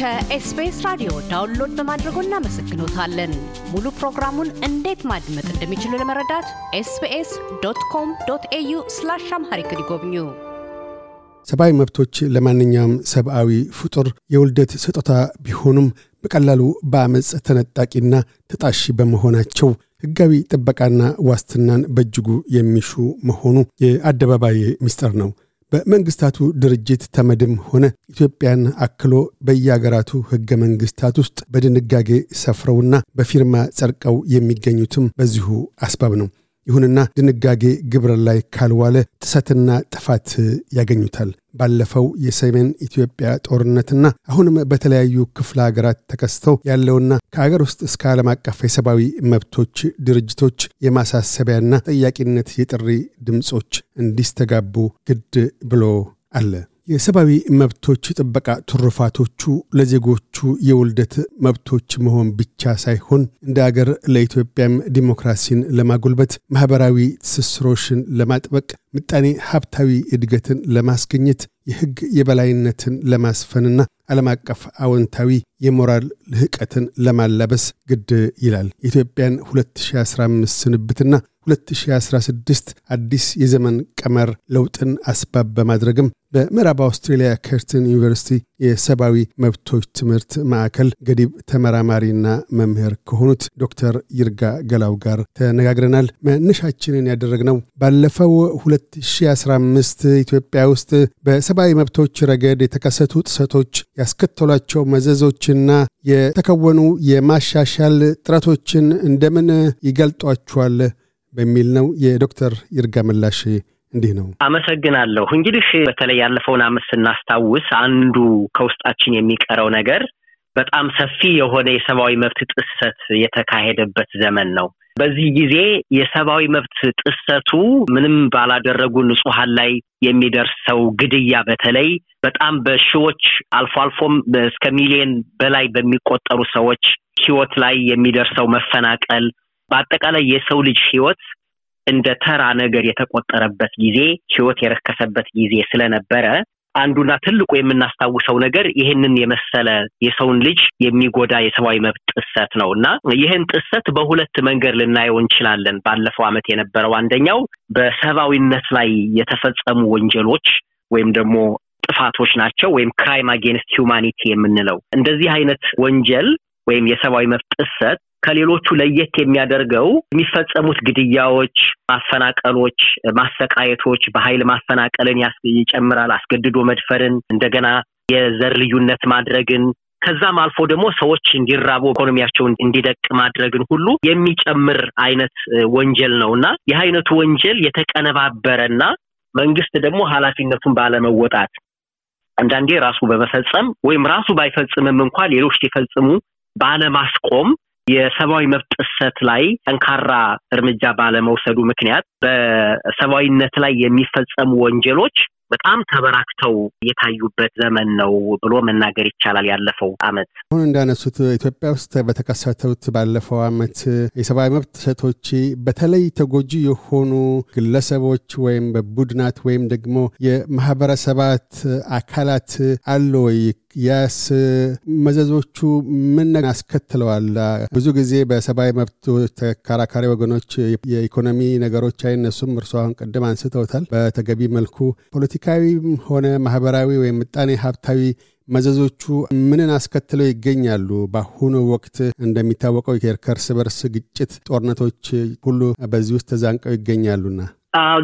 ከኤስቢኤስ ራዲዮ ዳውንሎድ በማድረጎ እናመሰግኖታለን። ሙሉ ፕሮግራሙን እንዴት ማድመጥ እንደሚችሉ ለመረዳት ኤስቢኤስ ዶት ኮም ዶት ኤዩ ስላሽ አምሃሪክ ይጎብኙ። ሰብአዊ መብቶች ለማንኛውም ሰብአዊ ፍጡር የውልደት ስጦታ ቢሆኑም በቀላሉ በአመፅ ተነጣቂና ተጣሺ በመሆናቸው ህጋዊ ጥበቃና ዋስትናን በእጅጉ የሚሹ መሆኑ የአደባባይ ምስጢር ነው። በመንግስታቱ ድርጅት ተመድም ሆነ ኢትዮጵያን አክሎ በየአገራቱ ህገ መንግስታት ውስጥ በድንጋጌ ሰፍረውና በፊርማ ጸድቀው የሚገኙትም በዚሁ አስባብ ነው። ይሁንና ድንጋጌ ግብር ላይ ካልዋለ ጥሰትና ጥፋት ያገኙታል። ባለፈው የሰሜን ኢትዮጵያ ጦርነትና አሁንም በተለያዩ ክፍለ ሀገራት ተከስተው ያለውና ከአገር ውስጥ እስከ ዓለም አቀፍ የሰብአዊ መብቶች ድርጅቶች የማሳሰቢያና ጠያቂነት የጥሪ ድምፆች እንዲስተጋቡ ግድ ብሎ አለ። የሰብአዊ መብቶች ጥበቃ ትሩፋቶቹ ለዜጎቹ የውልደት መብቶች መሆን ብቻ ሳይሆን እንደ አገር ለኢትዮጵያም ዲሞክራሲን ለማጎልበት፣ ማኅበራዊ ትስስሮችን ለማጥበቅ፣ ምጣኔ ሀብታዊ እድገትን ለማስገኘት፣ የሕግ የበላይነትን ለማስፈንና ዓለም አቀፍ አዎንታዊ የሞራል ልህቀትን ለማላበስ ግድ ይላል። የኢትዮጵያን 2015 ስንብትና 2016 አዲስ የዘመን ቀመር ለውጥን አስባብ በማድረግም በምዕራብ አውስትሬልያ ከርትን ዩኒቨርሲቲ የሰብአዊ መብቶች ትምህርት ማዕከል ገዲብ ተመራማሪና መምህር ከሆኑት ዶክተር ይርጋ ገላው ጋር ተነጋግረናል። መነሻችንን ያደረግነው ባለፈው 2015 ኢትዮጵያ ውስጥ በሰብአዊ መብቶች ረገድ የተከሰቱ ጥሰቶች ያስከተሏቸው መዘዞችና የተከወኑ የማሻሻል ጥረቶችን እንደምን ይገልጧቸዋል በሚል ነው። የዶክተር ይርጋ ምላሽ እንዲህ ነው። አመሰግናለሁ። እንግዲህ በተለይ ያለፈውን አመት ስናስታውስ አንዱ ከውስጣችን የሚቀረው ነገር በጣም ሰፊ የሆነ የሰብአዊ መብት ጥሰት የተካሄደበት ዘመን ነው። በዚህ ጊዜ የሰብአዊ መብት ጥሰቱ ምንም ባላደረጉ ንጹሐን ላይ የሚደርሰው ግድያ በተለይ በጣም በሺዎች አልፎ አልፎም እስከ ሚሊየን በላይ በሚቆጠሩ ሰዎች ህይወት ላይ የሚደርሰው መፈናቀል፣ በአጠቃላይ የሰው ልጅ ህይወት እንደ ተራ ነገር የተቆጠረበት ጊዜ፣ ህይወት የረከሰበት ጊዜ ስለነበረ አንዱና ትልቁ የምናስታውሰው ነገር ይህንን የመሰለ የሰውን ልጅ የሚጎዳ የሰብአዊ መብት ጥሰት ነው እና ይህን ጥሰት በሁለት መንገድ ልናየው እንችላለን። ባለፈው ዓመት የነበረው አንደኛው በሰብአዊነት ላይ የተፈጸሙ ወንጀሎች ወይም ደግሞ ጥፋቶች ናቸው ወይም ክራይም አጌንስት ሁማኒቲ የምንለው እንደዚህ አይነት ወንጀል ወይም የሰብአዊ መብት ጥሰት ከሌሎቹ ለየት የሚያደርገው የሚፈጸሙት ግድያዎች፣ ማፈናቀሎች፣ ማሰቃየቶች፣ በኃይል ማፈናቀልን ይጨምራል። አስገድዶ መድፈርን፣ እንደገና የዘር ልዩነት ማድረግን ከዛም አልፎ ደግሞ ሰዎች እንዲራቡ ኢኮኖሚያቸውን እንዲደቅ ማድረግን ሁሉ የሚጨምር አይነት ወንጀል ነው እና ይህ አይነቱ ወንጀል የተቀነባበረ እና መንግስት ደግሞ ኃላፊነቱን ባለመወጣት አንዳንዴ ራሱ በመፈጸም ወይም ራሱ ባይፈጽምም እንኳ ሌሎች ሲፈጽሙ ባለማስቆም የሰብአዊ መብት ጥሰት ላይ ጠንካራ እርምጃ ባለመውሰዱ ምክንያት በሰብአዊነት ላይ የሚፈጸሙ ወንጀሎች በጣም ተበራክተው የታዩበት ዘመን ነው ብሎ መናገር ይቻላል። ያለፈው አመት አሁን እንዳነሱት ኢትዮጵያ ውስጥ በተከሰቱት ባለፈው አመት የሰብአዊ መብት ጥሰቶች በተለይ ተጎጂ የሆኑ ግለሰቦች ወይም በቡድናት ወይም ደግሞ የማህበረሰባት አካላት አሉ ወይ ያስ መዘዞቹ ምን አስከትለዋል? ብዙ ጊዜ በሰብአዊ መብት ተከራካሪ ወገኖች የኢኮኖሚ ነገሮች አይነሱም። እርሶ አሁን ቅድም አንስተውታል። በተገቢ መልኩ ፖለቲካዊም ሆነ ማህበራዊ ወይም ምጣኔ ሀብታዊ መዘዞቹ ምንን አስከትለው ይገኛሉ? በአሁኑ ወቅት እንደሚታወቀው የእርስ በርስ ግጭት፣ ጦርነቶች ሁሉ በዚህ ውስጥ ተዛንቀው ይገኛሉና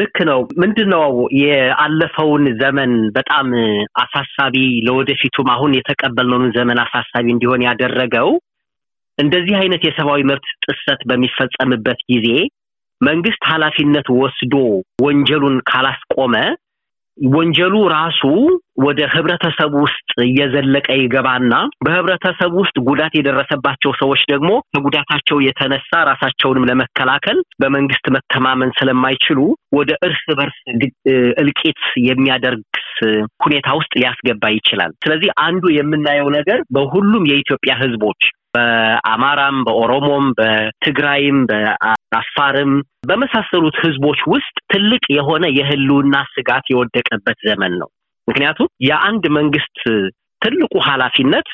ልክ ነው። ምንድን ነው የአለፈውን ዘመን በጣም አሳሳቢ ለወደፊቱም አሁን የተቀበልነውን ዘመን አሳሳቢ እንዲሆን ያደረገው እንደዚህ አይነት የሰብአዊ መብት ጥሰት በሚፈጸምበት ጊዜ መንግስት ሀላፊነት ወስዶ ወንጀሉን ካላስቆመ ወንጀሉ ራሱ ወደ ህብረተሰብ ውስጥ እየዘለቀ ይገባና በህብረተሰብ ውስጥ ጉዳት የደረሰባቸው ሰዎች ደግሞ ከጉዳታቸው የተነሳ ራሳቸውንም ለመከላከል በመንግስት መተማመን ስለማይችሉ ወደ እርስ በርስ እልቂት የሚያደርግ ሁኔታ ውስጥ ሊያስገባ ይችላል። ስለዚህ አንዱ የምናየው ነገር በሁሉም የኢትዮጵያ ህዝቦች በአማራም፣ በኦሮሞም፣ በትግራይም፣ በአፋርም በመሳሰሉት ህዝቦች ውስጥ ትልቅ የሆነ የህልውና ስጋት የወደቀበት ዘመን ነው። ምክንያቱም የአንድ መንግስት ትልቁ ኃላፊነት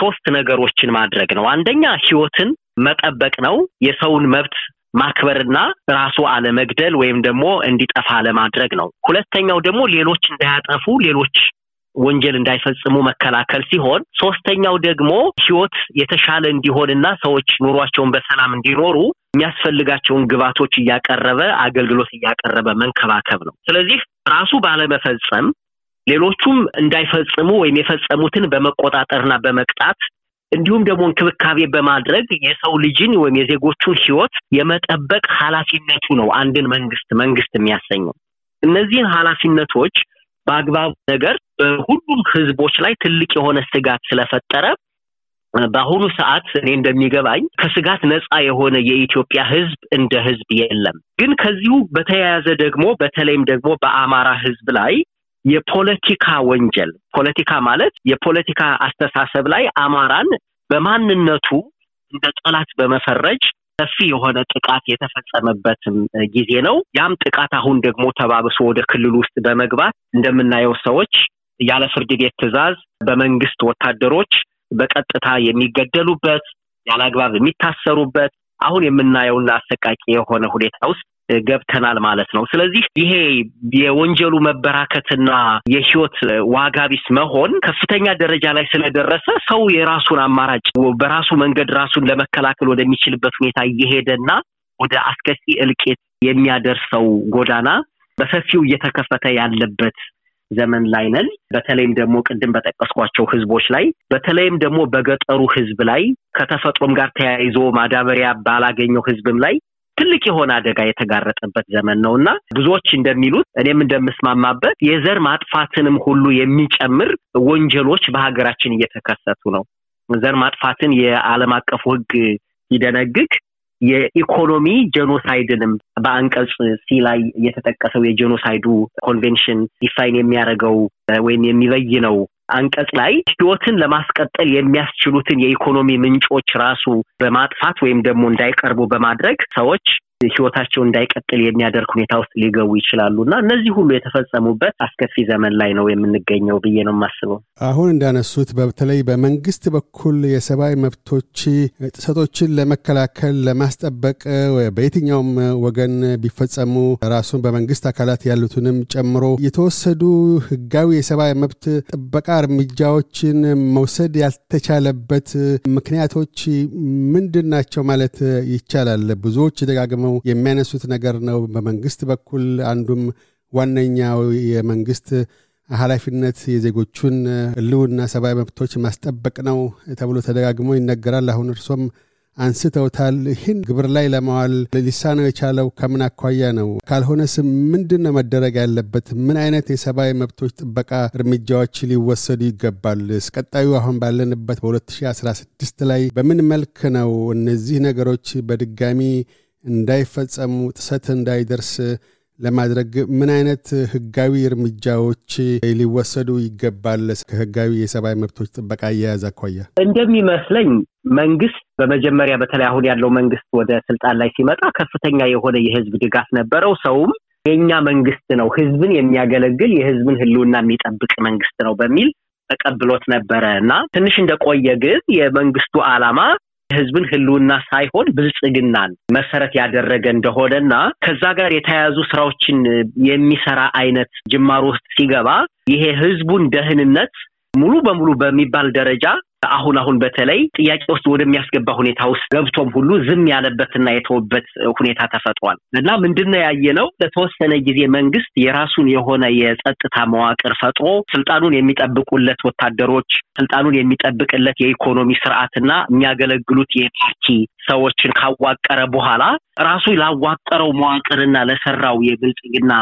ሶስት ነገሮችን ማድረግ ነው። አንደኛ ህይወትን መጠበቅ ነው። የሰውን መብት ማክበርና ራሱ አለመግደል ወይም ደግሞ እንዲጠፋ አለማድረግ ነው። ሁለተኛው ደግሞ ሌሎች እንዳያጠፉ ሌሎች ወንጀል እንዳይፈጽሙ መከላከል ሲሆን፣ ሶስተኛው ደግሞ ህይወት የተሻለ እንዲሆንና ሰዎች ኑሯቸውን በሰላም እንዲኖሩ የሚያስፈልጋቸውን ግባቶች እያቀረበ አገልግሎት እያቀረበ መንከባከብ ነው። ስለዚህ ራሱ ባለመፈጸም ሌሎቹም እንዳይፈጽሙ ወይም የፈጸሙትን በመቆጣጠርና በመቅጣት እንዲሁም ደግሞ እንክብካቤ በማድረግ የሰው ልጅን ወይም የዜጎቹን ህይወት የመጠበቅ ኃላፊነቱ ነው አንድን መንግስት መንግስት የሚያሰኘው። እነዚህን ኃላፊነቶች በአግባቡ ነገር በሁሉም ህዝቦች ላይ ትልቅ የሆነ ስጋት ስለፈጠረ በአሁኑ ሰዓት እኔ እንደሚገባኝ ከስጋት ነፃ የሆነ የኢትዮጵያ ህዝብ እንደ ህዝብ የለም። ግን ከዚሁ በተያያዘ ደግሞ በተለይም ደግሞ በአማራ ህዝብ ላይ የፖለቲካ ወንጀል፣ ፖለቲካ ማለት የፖለቲካ አስተሳሰብ ላይ አማራን በማንነቱ እንደ ጠላት በመፈረጅ ሰፊ የሆነ ጥቃት የተፈጸመበትም ጊዜ ነው። ያም ጥቃት አሁን ደግሞ ተባብሶ ወደ ክልል ውስጥ በመግባት እንደምናየው ሰዎች ያለ ፍርድ ቤት ትዕዛዝ በመንግስት ወታደሮች በቀጥታ የሚገደሉበት ያለ አግባብ የሚታሰሩበት አሁን የምናየውና አሰቃቂ የሆነ ሁኔታ ውስጥ ገብተናል ማለት ነው። ስለዚህ ይሄ የወንጀሉ መበራከትና የህይወት ዋጋ ቢስ መሆን ከፍተኛ ደረጃ ላይ ስለደረሰ ሰው የራሱን አማራጭ በራሱ መንገድ ራሱን ለመከላከል ወደሚችልበት ሁኔታ እየሄደና ወደ አስከፊ እልቂት የሚያደርሰው ጎዳና በሰፊው እየተከፈተ ያለበት ዘመን ላይ ነን። በተለይም ደግሞ ቅድም በጠቀስኳቸው ህዝቦች ላይ በተለይም ደግሞ በገጠሩ ህዝብ ላይ ከተፈጥሮም ጋር ተያይዞ ማዳበሪያ ባላገኘው ህዝብም ላይ ትልቅ የሆነ አደጋ የተጋረጠበት ዘመን ነው እና ብዙዎች እንደሚሉት እኔም እንደምስማማበት የዘር ማጥፋትንም ሁሉ የሚጨምር ወንጀሎች በሀገራችን እየተከሰቱ ነው። ዘር ማጥፋትን የዓለም አቀፉ ህግ ሲደነግግ የኢኮኖሚ ጀኖሳይድንም በአንቀጽ ሲ ላይ የተጠቀሰው የጀኖሳይዱ ኮንቬንሽን ዲፋይን የሚያደርገው ወይም የሚበይነው አንቀጽ ላይ ህይወትን ለማስቀጠል የሚያስችሉትን የኢኮኖሚ ምንጮች ራሱ በማጥፋት ወይም ደግሞ እንዳይቀርቡ በማድረግ ሰዎች ህይወታቸው እንዳይቀጥል የሚያደርግ ሁኔታ ውስጥ ሊገቡ ይችላሉ እና እነዚህ ሁሉ የተፈጸሙበት አስከፊ ዘመን ላይ ነው የምንገኘው ብዬ ነው የማስበው። አሁን እንዳነሱት በተለይ በመንግስት በኩል የሰብአዊ መብቶች ጥሰቶችን ለመከላከል ለማስጠበቅ በየትኛውም ወገን ቢፈጸሙ ራሱን በመንግስት አካላት ያሉትንም ጨምሮ የተወሰዱ ህጋዊ የሰብአዊ መብት ጥበቃ እርምጃዎችን መውሰድ ያልተቻለበት ምክንያቶች ምንድን ናቸው ማለት ይቻላል? ብዙዎች ደጋግመው ነው የሚያነሱት ነገር ነው። በመንግስት በኩል አንዱም ዋነኛው የመንግስት ኃላፊነት የዜጎቹን ሕልውና ሰብአዊ መብቶች ማስጠበቅ ነው ተብሎ ተደጋግሞ ይነገራል። አሁን እርሶም አንስተውታል። ይህን ግብር ላይ ለማዋል ነው የቻለው ከምን አኳያ ነው? ካልሆነስ ምንድን ነው መደረግ ያለበት? ምን አይነት የሰብአዊ መብቶች ጥበቃ እርምጃዎች ሊወሰዱ ይገባል? እስቀጣዩ አሁን ባለንበት በ2016 ላይ በምን መልክ ነው እነዚህ ነገሮች በድጋሚ እንዳይፈጸሙ ጥሰት እንዳይደርስ ለማድረግ ምን አይነት ህጋዊ እርምጃዎች ሊወሰዱ ይገባል? ከህጋዊ የሰብአዊ መብቶች ጥበቃ አያያዝ አኳያ እንደሚመስለኝ መንግስት በመጀመሪያ በተለይ አሁን ያለው መንግስት ወደ ስልጣን ላይ ሲመጣ ከፍተኛ የሆነ የህዝብ ድጋፍ ነበረው። ሰውም የእኛ መንግስት ነው፣ ህዝብን የሚያገለግል የህዝብን ህልውና የሚጠብቅ መንግስት ነው በሚል ተቀብሎት ነበረ እና ትንሽ እንደቆየ ግን የመንግስቱ አላማ የህዝብን ህልውና ሳይሆን ብልጽግናን መሰረት ያደረገ እንደሆነና ከዛ ጋር የተያያዙ ስራዎችን የሚሰራ አይነት ጅማሮ ውስጥ ሲገባ ይሄ ህዝቡን ደህንነት ሙሉ በሙሉ በሚባል ደረጃ አሁን አሁን በተለይ ጥያቄ ውስጥ ወደሚያስገባ ሁኔታ ውስጥ ገብቶም ሁሉ ዝም ያለበትና የተወበት ሁኔታ ተፈጥሯል እና ምንድነው ያየ ነው ለተወሰነ ጊዜ መንግስት የራሱን የሆነ የጸጥታ መዋቅር ፈጥሮ ስልጣኑን የሚጠብቁለት ወታደሮች፣ ስልጣኑን የሚጠብቅለት የኢኮኖሚ ስርዓትና የሚያገለግሉት የፓርቲ ሰዎችን ካዋቀረ በኋላ ራሱ ላዋቀረው መዋቅርና ለሰራው የብልጽግና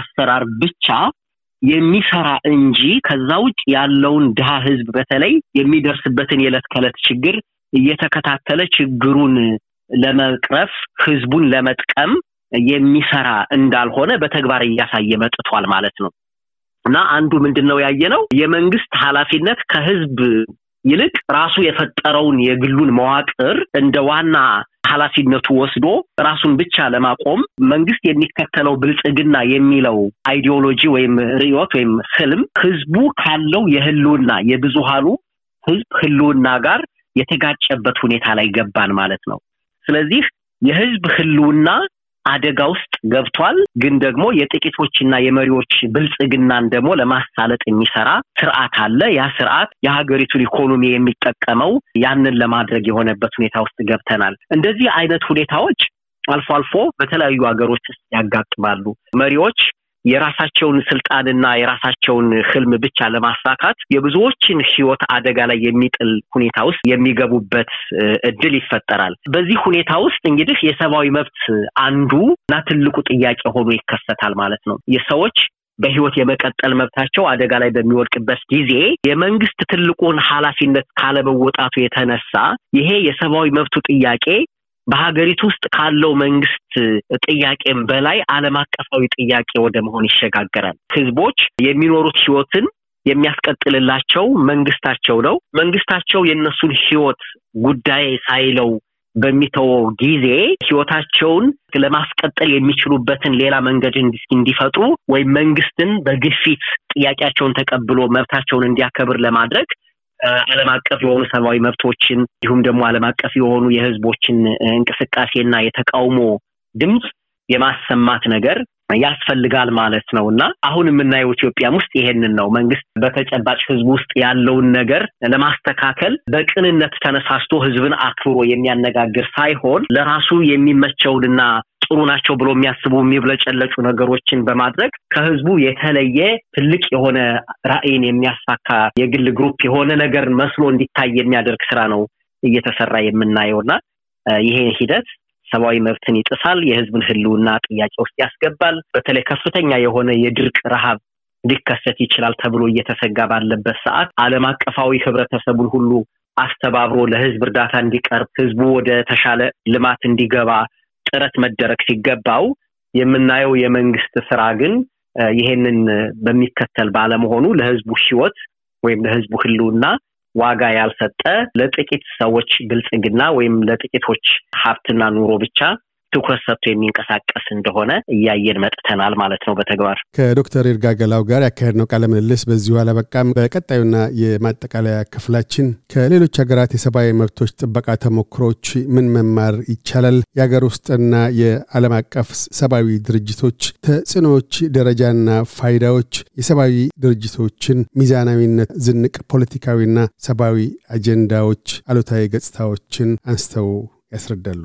አሰራር ብቻ የሚሰራ እንጂ ከዛ ውጭ ያለውን ድሃ ህዝብ በተለይ የሚደርስበትን የዕለት ከዕለት ችግር እየተከታተለ ችግሩን ለመቅረፍ ህዝቡን ለመጥቀም የሚሰራ እንዳልሆነ በተግባር እያሳየ መጥቷል ማለት ነው። እና አንዱ ምንድን ነው ያየ ነው የመንግስት ኃላፊነት ከህዝብ ይልቅ ራሱ የፈጠረውን የግሉን መዋቅር እንደ ዋና ኃላፊነቱ ወስዶ ራሱን ብቻ ለማቆም መንግስት የሚከተለው ብልጽግና የሚለው አይዲዮሎጂ ወይም ርዕዮት ወይም ህልም ህዝቡ ካለው የህልውና የብዙሃኑ ህዝብ ህልውና ጋር የተጋጨበት ሁኔታ ላይ ገባን ማለት ነው። ስለዚህ የህዝብ ህልውና አደጋ ውስጥ ገብቷል። ግን ደግሞ የጥቂቶችና የመሪዎች ብልጽግናን ደግሞ ለማሳለጥ የሚሰራ ስርዓት አለ። ያ ስርዓት የሀገሪቱን ኢኮኖሚ የሚጠቀመው ያንን ለማድረግ የሆነበት ሁኔታ ውስጥ ገብተናል። እንደዚህ አይነት ሁኔታዎች አልፎ አልፎ በተለያዩ ሀገሮች ውስጥ ያጋጥማሉ። መሪዎች የራሳቸውን ስልጣንና የራሳቸውን ህልም ብቻ ለማሳካት የብዙዎችን ህይወት አደጋ ላይ የሚጥል ሁኔታ ውስጥ የሚገቡበት እድል ይፈጠራል። በዚህ ሁኔታ ውስጥ እንግዲህ የሰብአዊ መብት አንዱ እና ትልቁ ጥያቄ ሆኖ ይከሰታል ማለት ነው። የሰዎች በህይወት የመቀጠል መብታቸው አደጋ ላይ በሚወድቅበት ጊዜ የመንግስት ትልቁን ኃላፊነት ካለመወጣቱ የተነሳ ይሄ የሰብአዊ መብቱ ጥያቄ በሀገሪቱ ውስጥ ካለው መንግስት ጥያቄም በላይ ዓለም አቀፋዊ ጥያቄ ወደ መሆን ይሸጋገራል። ህዝቦች የሚኖሩት ህይወትን የሚያስቀጥልላቸው መንግስታቸው ነው። መንግስታቸው የእነሱን ህይወት ጉዳይ ሳይለው በሚተወው ጊዜ ህይወታቸውን ለማስቀጠል የሚችሉበትን ሌላ መንገድ እንዲፈጥሩ ወይም መንግስትን በግፊት ጥያቄያቸውን ተቀብሎ መብታቸውን እንዲያከብር ለማድረግ ዓለም አቀፍ የሆኑ ሰብአዊ መብቶችን እንዲሁም ደግሞ ዓለም አቀፍ የሆኑ የህዝቦችን እንቅስቃሴና የተቃውሞ ድምፅ የማሰማት ነገር ያስፈልጋል ማለት ነው እና አሁን የምናየው ኢትዮጵያም ውስጥ ይሄንን ነው። መንግስት በተጨባጭ ህዝብ ውስጥ ያለውን ነገር ለማስተካከል በቅንነት ተነሳስቶ ህዝብን አክብሮ የሚያነጋግር ሳይሆን ለራሱ የሚመቸውንና ጥሩ ናቸው ብሎ የሚያስቡ የሚብለጨለጩ ነገሮችን በማድረግ ከህዝቡ የተለየ ትልቅ የሆነ ራዕይን የሚያሳካ የግል ግሩፕ የሆነ ነገር መስሎ እንዲታይ የሚያደርግ ስራ ነው እየተሰራ የምናየው እና ይሄ ሂደት ሰብአዊ መብትን ይጥሳል፣ የህዝብን ህልውና ጥያቄ ውስጥ ያስገባል። በተለይ ከፍተኛ የሆነ የድርቅ ረሃብ ሊከሰት ይችላል ተብሎ እየተሰጋ ባለበት ሰዓት አለም አቀፋዊ ህብረተሰቡን ሁሉ አስተባብሮ ለህዝብ እርዳታ እንዲቀርብ ህዝቡ ወደ ተሻለ ልማት እንዲገባ ጥረት መደረግ ሲገባው የምናየው የመንግስት ስራ ግን ይሄንን በሚከተል ባለመሆኑ ለህዝቡ ህይወት ወይም ለህዝቡ ህልውና ዋጋ ያልሰጠ ለጥቂት ሰዎች ብልጽግና ወይም ለጥቂቶች ሀብትና ኑሮ ብቻ ትኩረት ሰጥቶ የሚንቀሳቀስ እንደሆነ እያየን መጥተናል ማለት ነው። በተግባር ከዶክተር ይርጋ ገላው ጋር ያካሄድነው ቃለ ምልልስ በዚሁ አላበቃም። በቀጣዩና የማጠቃለያ ክፍላችን ከሌሎች ሀገራት የሰብአዊ መብቶች ጥበቃ ተሞክሮች ምን መማር ይቻላል? የሀገር ውስጥና የዓለም አቀፍ ሰብአዊ ድርጅቶች ተጽዕኖዎች ደረጃና ፋይዳዎች፣ የሰብአዊ ድርጅቶችን ሚዛናዊነት፣ ዝንቅ ፖለቲካዊና ሰብአዊ አጀንዳዎች፣ አሉታዊ ገጽታዎችን አንስተው ያስረዳሉ።